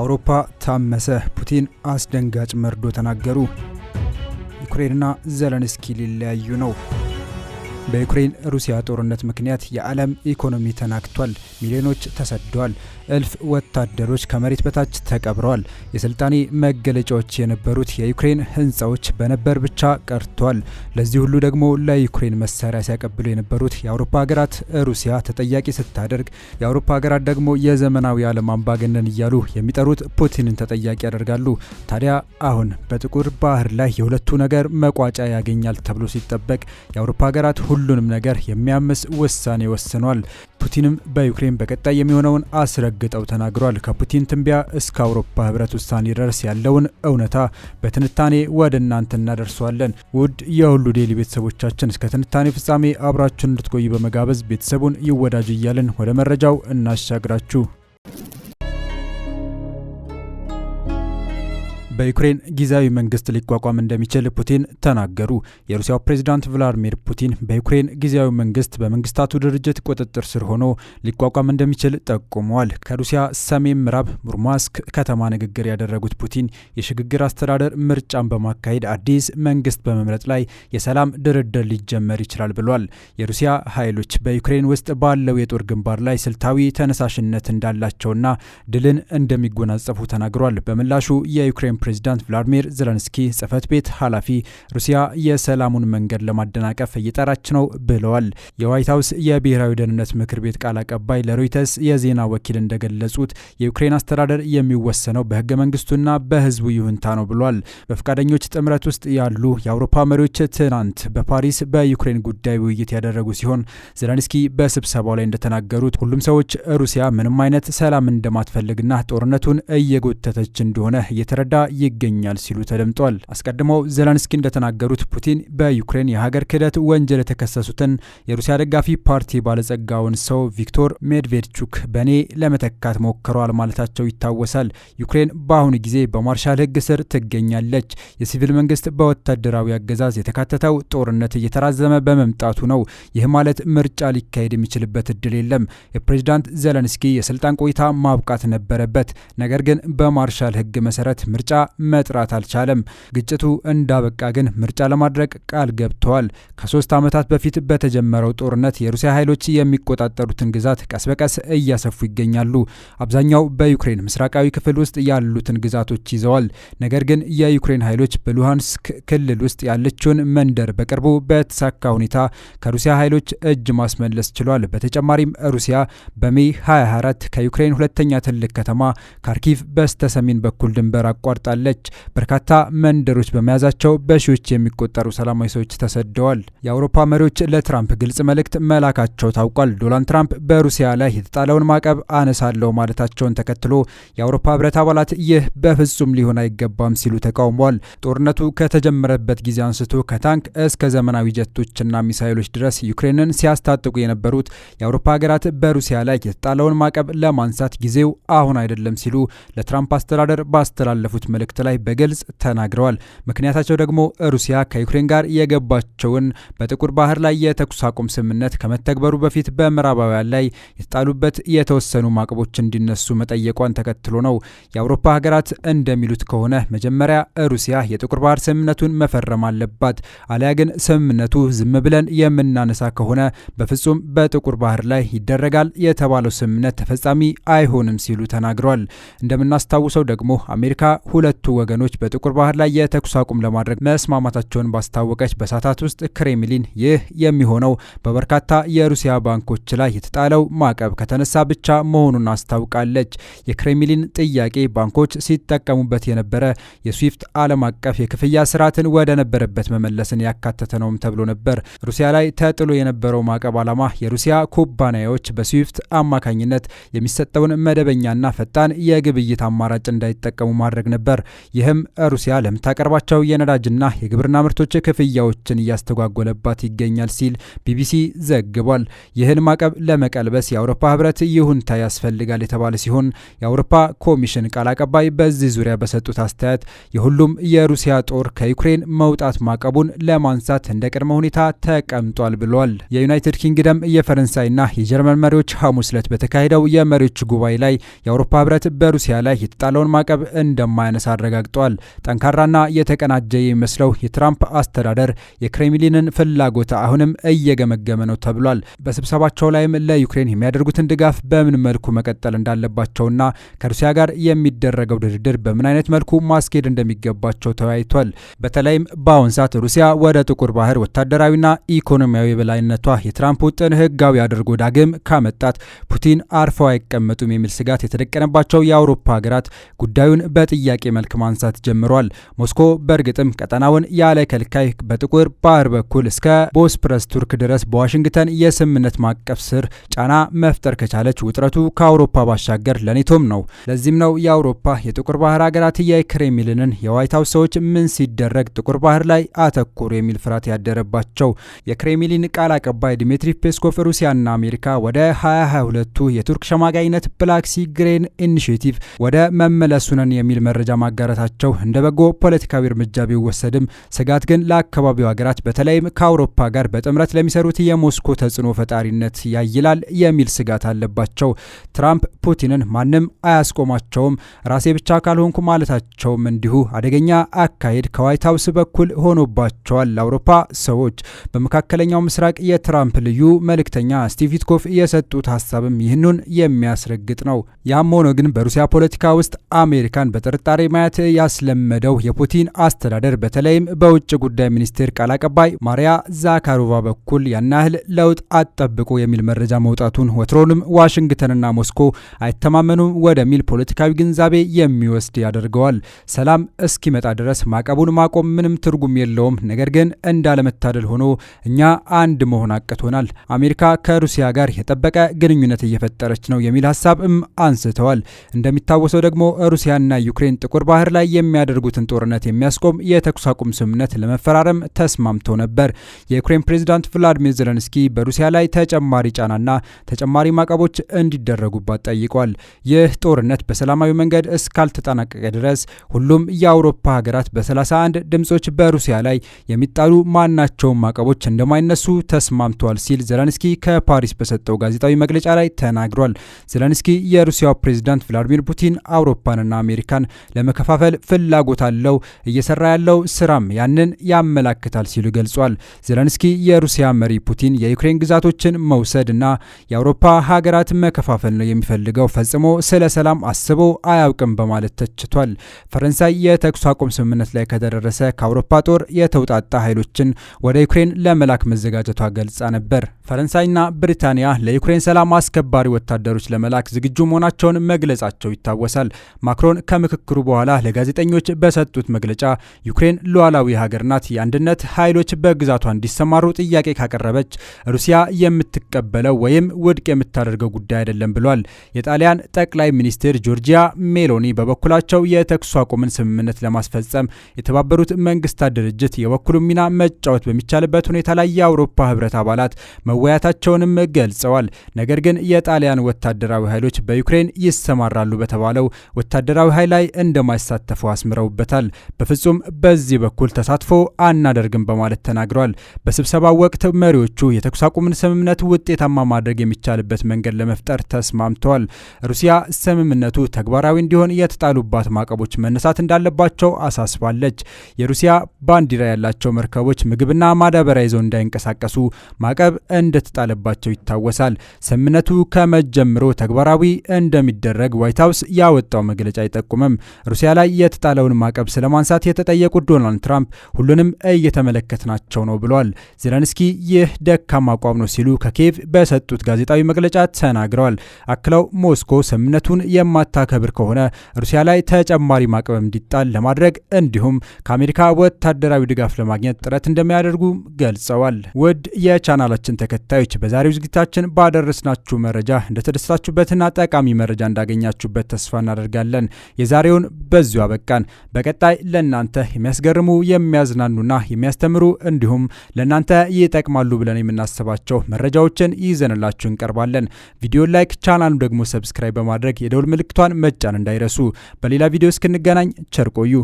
አውሮፓ ታመሰ፣ ፑቲን አስደንጋጭ መርዶ ተናገሩ፣ ዩክሬንና ዘለንስኪ ሊለያዩ ነው። በዩክሬን ሩሲያ ጦርነት ምክንያት የዓለም ኢኮኖሚ ተናግቷል። ሚሊዮኖች ተሰደዋል። እልፍ ወታደሮች ከመሬት በታች ተቀብረዋል። የስልጣኔ መገለጫዎች የነበሩት የዩክሬን ህንፃዎች በነበር ብቻ ቀርተዋል። ለዚህ ሁሉ ደግሞ ለዩክሬን መሳሪያ ሲያቀብሉ የነበሩት የአውሮፓ ሀገራት ሩሲያ ተጠያቂ ስታደርግ፣ የአውሮፓ ሀገራት ደግሞ የዘመናዊ ዓለም አምባገነን እያሉ የሚጠሩት ፑቲንን ተጠያቂ ያደርጋሉ። ታዲያ አሁን በጥቁር ባህር ላይ የሁለቱ ነገር መቋጫ ያገኛል ተብሎ ሲጠበቅ የአውሮፓ ሀገራት ሁሉንም ነገር የሚያምስ ውሳኔ ወስኗል። ፑቲንም በዩክሬን በቀጣይ የሚሆነውን አስረግጠው ተናግሯል። ከፑቲን ትንቢያ እስከ አውሮፓ ህብረት ውሳኔ ድረስ ያለውን እውነታ በትንታኔ ወደ እናንተ እናደርሰዋለን። ውድ የሁሉ ዴይሊ ቤተሰቦቻችን እስከ ትንታኔ ፍጻሜ አብራችሁን እንድትቆዩ በመጋበዝ ቤተሰቡን ይወዳጅ እያልን ወደ መረጃው እናሻግራችሁ። በዩክሬን ጊዜያዊ መንግስት ሊቋቋም እንደሚችል ፑቲን ተናገሩ። የሩሲያው ፕሬዚዳንት ቭላዲሚር ፑቲን በዩክሬን ጊዜያዊ መንግስት በመንግስታቱ ድርጅት ቁጥጥር ስር ሆኖ ሊቋቋም እንደሚችል ጠቁመዋል። ከሩሲያ ሰሜን ምዕራብ ሙርማስክ ከተማ ንግግር ያደረጉት ፑቲን የሽግግር አስተዳደር ምርጫን በማካሄድ አዲስ መንግስት በመምረጥ ላይ የሰላም ድርድር ሊጀመር ይችላል ብሏል። የሩሲያ ኃይሎች በዩክሬን ውስጥ ባለው የጦር ግንባር ላይ ስልታዊ ተነሳሽነት እንዳላቸውና ድልን እንደሚጎናጸፉ ተናግሯል። በምላሹ የዩክሬን ፕሬዚዳንት ቭላዲሚር ዘለንስኪ ጽህፈት ቤት ኃላፊ ሩሲያ የሰላሙን መንገድ ለማደናቀፍ እየጠራች ነው ብለዋል። የዋይት ሀውስ የብሔራዊ ደህንነት ምክር ቤት ቃል አቀባይ ለሮይተርስ የዜና ወኪል እንደገለጹት የዩክሬን አስተዳደር የሚወሰነው በህገ መንግስቱና በህዝቡ ይሁንታ ነው ብሏል። በፈቃደኞች ጥምረት ውስጥ ያሉ የአውሮፓ መሪዎች ትናንት በፓሪስ በዩክሬን ጉዳይ ውይይት ያደረጉ ሲሆን ዘለንስኪ በስብሰባው ላይ እንደተናገሩት ሁሉም ሰዎች ሩሲያ ምንም አይነት ሰላም እንደማትፈልግና ጦርነቱን እየጎተተች እንደሆነ እየተረዳ ይገኛል ሲሉ ተደምጧል። አስቀድመው ዘለንስኪ እንደተናገሩት ፑቲን በዩክሬን የሀገር ክህደት ወንጀል የተከሰሱትን የሩሲያ ደጋፊ ፓርቲ ባለጸጋውን ሰው ቪክቶር ሜድቬድቹክ በእኔ ለመተካት ሞክረዋል ማለታቸው ይታወሳል። ዩክሬን በአሁኑ ጊዜ በማርሻል ህግ ስር ትገኛለች። የሲቪል መንግስት በወታደራዊ አገዛዝ የተካተተው ጦርነት እየተራዘመ በመምጣቱ ነው። ይህ ማለት ምርጫ ሊካሄድ የሚችልበት እድል የለም። የፕሬዚዳንት ዘለንስኪ የስልጣን ቆይታ ማብቃት ነበረበት። ነገር ግን በማርሻል ሕግ መሰረት ምርጫ መጥራት አልቻለም። ግጭቱ እንዳበቃ ግን ምርጫ ለማድረግ ቃል ገብተዋል። ከሶስት ዓመታት በፊት በተጀመረው ጦርነት የሩሲያ ኃይሎች የሚቆጣጠሩትን ግዛት ቀስ በቀስ እያሰፉ ይገኛሉ። አብዛኛው በዩክሬን ምስራቃዊ ክፍል ውስጥ ያሉትን ግዛቶች ይዘዋል። ነገር ግን የዩክሬን ኃይሎች በሉሃንስክ ክልል ውስጥ ያለችውን መንደር በቅርቡ በተሳካ ሁኔታ ከሩሲያ ኃይሎች እጅ ማስመለስ ችሏል። በተጨማሪም ሩሲያ በሜ 24 ከዩክሬን ሁለተኛ ትልቅ ከተማ ካርኪቭ በስተሰሜን በኩል ድንበር አቋርጣል። አጣለች። በርካታ መንደሮች በመያዛቸው በሺዎች የሚቆጠሩ ሰላማዊ ሰዎች ተሰደዋል። የአውሮፓ መሪዎች ለትራምፕ ግልጽ መልእክት መላካቸው ታውቋል። ዶናልድ ትራምፕ በሩሲያ ላይ የተጣለውን ማዕቀብ አነሳለሁ ማለታቸውን ተከትሎ የአውሮፓ ህብረት አባላት ይህ በፍጹም ሊሆን አይገባም ሲሉ ተቃውመዋል። ጦርነቱ ከተጀመረበት ጊዜ አንስቶ ከታንክ እስከ ዘመናዊ ጀቶችና ሚሳይሎች ድረስ ዩክሬንን ሲያስታጥቁ የነበሩት የአውሮፓ ሀገራት በሩሲያ ላይ የተጣለውን ማዕቀብ ለማንሳት ጊዜው አሁን አይደለም ሲሉ ለትራምፕ አስተዳደር ባስተላለፉት መልእክት ላይ በግልጽ ተናግረዋል። ምክንያታቸው ደግሞ ሩሲያ ከዩክሬን ጋር የገባቸውን በጥቁር ባህር ላይ የተኩስ አቁም ስምምነት ከመተግበሩ በፊት በምዕራባውያን ላይ የተጣሉበት የተወሰኑ ማዕቀቦች እንዲነሱ መጠየቋን ተከትሎ ነው። የአውሮፓ ሀገራት እንደሚሉት ከሆነ መጀመሪያ ሩሲያ የጥቁር ባህር ስምምነቱን መፈረም አለባት። አሊያ ግን ስምምነቱ ዝም ብለን የምናነሳ ከሆነ በፍጹም በጥቁር ባህር ላይ ይደረጋል የተባለው ስምምነት ተፈጻሚ አይሆንም ሲሉ ተናግረዋል። እንደምናስታውሰው ደግሞ አሜሪካ ሁለ ሁለቱ ወገኖች በጥቁር ባህር ላይ የተኩስ አቁም ለማድረግ መስማማታቸውን ባስታወቀች በሰዓታት ውስጥ ክሬምሊን ይህ የሚሆነው በበርካታ የሩሲያ ባንኮች ላይ የተጣለው ማዕቀብ ከተነሳ ብቻ መሆኑን አስታውቃለች። የክሬምሊን ጥያቄ ባንኮች ሲጠቀሙበት የነበረ የስዊፍት ዓለም አቀፍ የክፍያ ስርዓትን ወደ ነበረበት መመለስን ያካተተ ነውም ተብሎ ነበር። ሩሲያ ላይ ተጥሎ የነበረው ማዕቀብ ዓላማ የሩሲያ ኩባንያዎች በስዊፍት አማካኝነት የሚሰጠውን መደበኛና ፈጣን የግብይት አማራጭ እንዳይጠቀሙ ማድረግ ነበር። ነበር። ይህም ሩሲያ ለምታቀርባቸው የነዳጅና የግብርና ምርቶች ክፍያዎችን እያስተጓጎለባት ይገኛል ሲል ቢቢሲ ዘግቧል። ይህን ማዕቀብ ለመቀልበስ የአውሮፓ ህብረት ይሁንታ ያስፈልጋል የተባለ ሲሆን የአውሮፓ ኮሚሽን ቃል አቀባይ በዚህ ዙሪያ በሰጡት አስተያየት የሁሉም የሩሲያ ጦር ከዩክሬን መውጣት ማዕቀቡን ለማንሳት እንደ ቅድመ ሁኔታ ተቀምጧል ብሏል። የዩናይትድ ኪንግደም የፈረንሳይና የጀርመን መሪዎች ሐሙስ ዕለት በተካሄደው የመሪዎች ጉባኤ ላይ የአውሮፓ ህብረት በሩሲያ ላይ የተጣለውን ማዕቀብ እንደማያነሳ አረጋግጠዋል። ጠንካራና የተቀናጀ የሚመስለው የትራምፕ አስተዳደር የክሬምሊንን ፍላጎት አሁንም እየገመገመ ነው ተብሏል። በስብሰባቸው ላይም ለዩክሬን የሚያደርጉትን ድጋፍ በምን መልኩ መቀጠል እንዳለባቸውና ከሩሲያ ጋር የሚደረገው ድርድር በምን አይነት መልኩ ማስኬድ እንደሚገባቸው ተወያይቷል። በተለይም በአሁን ሰዓት ሩሲያ ወደ ጥቁር ባህር ወታደራዊና ኢኮኖሚያዊ በላይነቷ የትራምፕ ውጥን ህጋዊ አድርጎ ዳግም ካመጣት ፑቲን አርፈው አይቀመጡም የሚል ስጋት የተደቀነባቸው የአውሮፓ ሀገራት ጉዳዩን በጥያቄ መልክ ማንሳት ጀምሯል። ሞስኮ በእርግጥም ቀጠናውን ያለ ከልካይ በጥቁር ባህር በኩል እስከ ቦስፕረስ ቱርክ ድረስ በዋሽንግተን የስምምነት ማቀፍ ስር ጫና መፍጠር ከቻለች ውጥረቱ ከአውሮፓ ባሻገር ለኔቶም ነው። ለዚህም ነው የአውሮፓ የጥቁር ባህር ሀገራት የክሬምሊንን የዋይት ሀውስ ሰዎች ምን ሲደረግ ጥቁር ባህር ላይ አተኩሩ የሚል ፍርሃት ያደረባቸው። የክሬምሊን ቃል አቀባይ ዲሚትሪ ፔስኮቭ ሩሲያና አሜሪካ ወደ 2022ቱ የቱርክ ሸማጋይነት ብላክሲ ግሬን ኢኒሽቲቭ ወደ መመለሱነን የሚል መረጃ ማጋራታቸው እንደ በጎ ፖለቲካዊ እርምጃ ቢወሰድም ስጋት ግን ለአካባቢው ሀገራት በተለይም ከአውሮፓ ጋር በጥምረት ለሚሰሩት የሞስኮ ተጽዕኖ ፈጣሪነት ያይላል የሚል ስጋት አለባቸው። ትራምፕ ፑቲንን ማንም አያስቆማቸውም፣ ራሴ ብቻ ካልሆንኩ ማለታቸውም እንዲሁ አደገኛ አካሄድ ከዋይት ሀውስ በኩል ሆኖባቸዋል። ለአውሮፓ ሰዎች በመካከለኛው ምስራቅ የትራምፕ ልዩ መልእክተኛ ስቲቭ ዊትኮፍ የሰጡት ሀሳብም ይህንን የሚያስረግጥ ነው። ያም ሆኖ ግን በሩሲያ ፖለቲካ ውስጥ አሜሪካን በጥርጣሬ ማያት ያስለመደው የፑቲን አስተዳደር በተለይም በውጭ ጉዳይ ሚኒስቴር ቃል አቀባይ ማሪያ ዛካሮቫ በኩል ያን ያህል ለውጥ አጠብቆ የሚል መረጃ መውጣቱን ወትሮንም ዋሽንግተንና ሞስኮ አይተማመኑም ወደሚል ፖለቲካዊ ግንዛቤ የሚወስድ ያደርገዋል። ሰላም እስኪመጣ ድረስ ማዕቀቡን ማቆም ምንም ትርጉም የለውም። ነገር ግን እንዳለመታደል ሆኖ እኛ አንድ መሆን አቅቶናል። አሜሪካ ከሩሲያ ጋር የጠበቀ ግንኙነት እየፈጠረች ነው የሚል ሀሳብም አንስተዋል። እንደሚታወሰው ደግሞ ሩሲያና ዩክሬን ጥቁር ጥቁር ባህር ላይ የሚያደርጉትን ጦርነት የሚያስቆም የተኩስ አቁም ስምምነት ለመፈራረም ተስማምተው ነበር። የዩክሬን ፕሬዚዳንት ቭላዲሚር ዘለንስኪ በሩሲያ ላይ ተጨማሪ ጫናና ተጨማሪ ማዕቀቦች እንዲደረጉባት ጠይቋል። ይህ ጦርነት በሰላማዊ መንገድ እስካልተጠናቀቀ ድረስ ሁሉም የአውሮፓ ሀገራት በ31 ድምጾች በሩሲያ ላይ የሚጣሉ ማናቸውም ማዕቀቦች እንደማይነሱ ተስማምተዋል ሲል ዘለንስኪ ከፓሪስ በሰጠው ጋዜጣዊ መግለጫ ላይ ተናግሯል። ዘለንስኪ የሩሲያው ፕሬዚዳንት ቭላዲሚር ፑቲን አውሮፓንና አሜሪካን ለመ ለመከፋፈል ፍላጎት አለው፣ እየሰራ ያለው ስራም ያንን ያመላክታል ሲሉ ገልጿል። ዜለንስኪ የሩሲያ መሪ ፑቲን የዩክሬን ግዛቶችን መውሰድ እና የአውሮፓ ሀገራት መከፋፈል ነው የሚፈልገው፣ ፈጽሞ ስለ ሰላም አስቦ አያውቅም በማለት ተችቷል። ፈረንሳይ የተኩስ አቁም ስምምነት ላይ ከተደረሰ ከአውሮፓ ጦር የተውጣጣ ኃይሎችን ወደ ዩክሬን ለመላክ መዘጋጀቷ ገልጻ ነበር። ፈረንሳይና ብሪታንያ ለዩክሬን ሰላም አስከባሪ ወታደሮች ለመላክ ዝግጁ መሆናቸውን መግለጻቸው ይታወሳል። ማክሮን ከምክክሩ በኋላ በኋላ ለጋዜጠኞች በሰጡት መግለጫ ዩክሬን ሉዓላዊ ሀገር ናት፣ የአንድነት ኃይሎች በግዛቷ እንዲሰማሩ ጥያቄ ካቀረበች ሩሲያ የምትቀበለው ወይም ውድቅ የምታደርገው ጉዳይ አይደለም ብሏል። የጣሊያን ጠቅላይ ሚኒስትር ጆርጂያ ሜሎኒ በበኩላቸው የተኩስ አቁምን ስምምነት ለማስፈጸም የተባበሩት መንግስታት ድርጅት የበኩሉ ሚና መጫወት በሚቻልበት ሁኔታ ላይ የአውሮፓ ህብረት አባላት መወያታቸውንም ገልጸዋል። ነገር ግን የጣሊያን ወታደራዊ ኃይሎች በዩክሬን ይሰማራሉ በተባለው ወታደራዊ ኃይል ላይ እንደ እንደማይሳተፉ አስምረውበታል። በፍጹም በዚህ በኩል ተሳትፎ አናደርግም በማለት ተናግረዋል። በስብሰባው ወቅት መሪዎቹ የተኩስ አቁምን ስምምነት ውጤታማ ማድረግ የሚቻልበት መንገድ ለመፍጠር ተስማምተዋል። ሩሲያ ስምምነቱ ተግባራዊ እንዲሆን የተጣሉባት ማዕቀቦች መነሳት እንዳለባቸው አሳስባለች። የሩሲያ ባንዲራ ያላቸው መርከቦች ምግብና ማዳበሪያ ይዘው እንዳይንቀሳቀሱ ማዕቀብ እንደተጣለባቸው ይታወሳል። ስምምነቱ ከመጀምሮ ተግባራዊ እንደሚደረግ ዋይት ሀውስ ያወጣው መግለጫ አይጠቁምም። ሩሲያ ላይ የተጣለውን ማዕቀብ ስለማንሳት የተጠየቁት ዶናልድ ትራምፕ ሁሉንም እየተመለከትናቸው ነው ብለዋል። ዜለንስኪ ይህ ደካማ አቋም ነው ሲሉ ከኪየቭ በሰጡት ጋዜጣዊ መግለጫ ተናግረዋል። አክለው ሞስኮ ስምምነቱን የማታከብር ከሆነ ሩሲያ ላይ ተጨማሪ ማዕቀብ እንዲጣል ለማድረግ እንዲሁም ከአሜሪካ ወታደራዊ ድጋፍ ለማግኘት ጥረት እንደሚያደርጉ ገልጸዋል። ውድ የቻናላችን ተከታዮች በዛሬው ዝግጅታችን ባደረስናችሁ መረጃ እንደተደሰታችሁበትና ጠቃሚ መረጃ እንዳገኛችሁበት ተስፋ እናደርጋለን። የዛሬውን በዚሁ አበቃን። በቀጣይ ለእናንተ የሚያስገርሙ የሚያዝናኑና የሚያስተምሩ እንዲሁም ለእናንተ ይጠቅማሉ ብለን የምናስባቸው መረጃዎችን ይዘንላችሁ እንቀርባለን። ቪዲዮ ላይክ፣ ቻናሉ ደግሞ ሰብስክራይብ በማድረግ የደውል ምልክቷን መጫን እንዳይረሱ። በሌላ ቪዲዮ እስክንገናኝ ቸር ቆዩ።